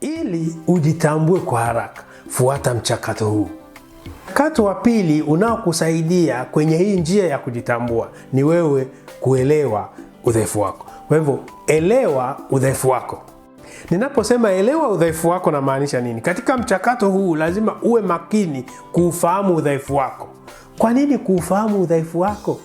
Ili ujitambue kwa haraka, fuata mchakato huu. Mchakato wa pili unaokusaidia kwenye hii njia ya kujitambua ni wewe kuelewa udhaifu wako. Kwa hivyo, elewa udhaifu wako. Ninaposema elewa udhaifu wako, namaanisha nini? Katika mchakato huu lazima uwe makini kuufahamu udhaifu wako. Kwa nini kuufahamu udhaifu wako?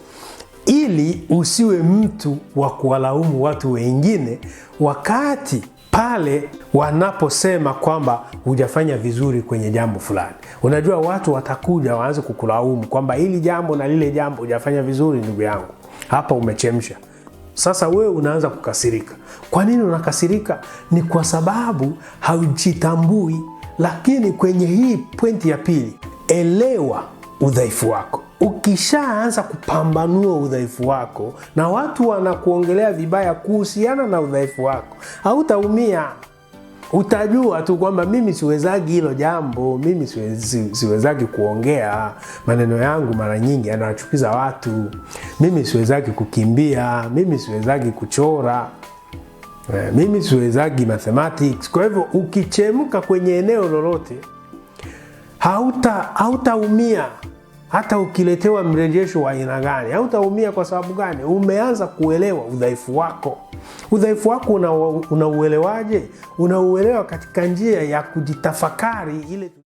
Ili usiwe mtu wa kuwalaumu watu wengine wakati pale wanaposema kwamba hujafanya vizuri kwenye jambo fulani. Unajua, watu watakuja waanze kukulaumu kwamba hili jambo na lile jambo hujafanya vizuri. Ndugu yangu, hapa umechemsha. Sasa wewe unaanza kukasirika. Kwa nini unakasirika? Ni kwa sababu haujitambui. Lakini kwenye hii pointi ya pili, elewa udhaifu wako. Ukishaanza kupambanua udhaifu wako na watu wanakuongelea vibaya kuhusiana na udhaifu wako, hautaumia. Utajua tu kwamba mimi siwezagi hilo jambo, mimi siwezagi kuongea, maneno yangu mara nyingi yanawachukiza watu, mimi siwezagi kukimbia, mimi siwezagi kuchora, eh, mimi siwezagi mathematics. Kwa hivyo ukichemka kwenye eneo lolote hautaumia, hauta hata ukiletewa mrejesho wa aina gani, au utaumia Kwa sababu gani? Umeanza kuelewa udhaifu wako. Udhaifu wako unauelewaje? Unauelewa katika njia ya kujitafakari ile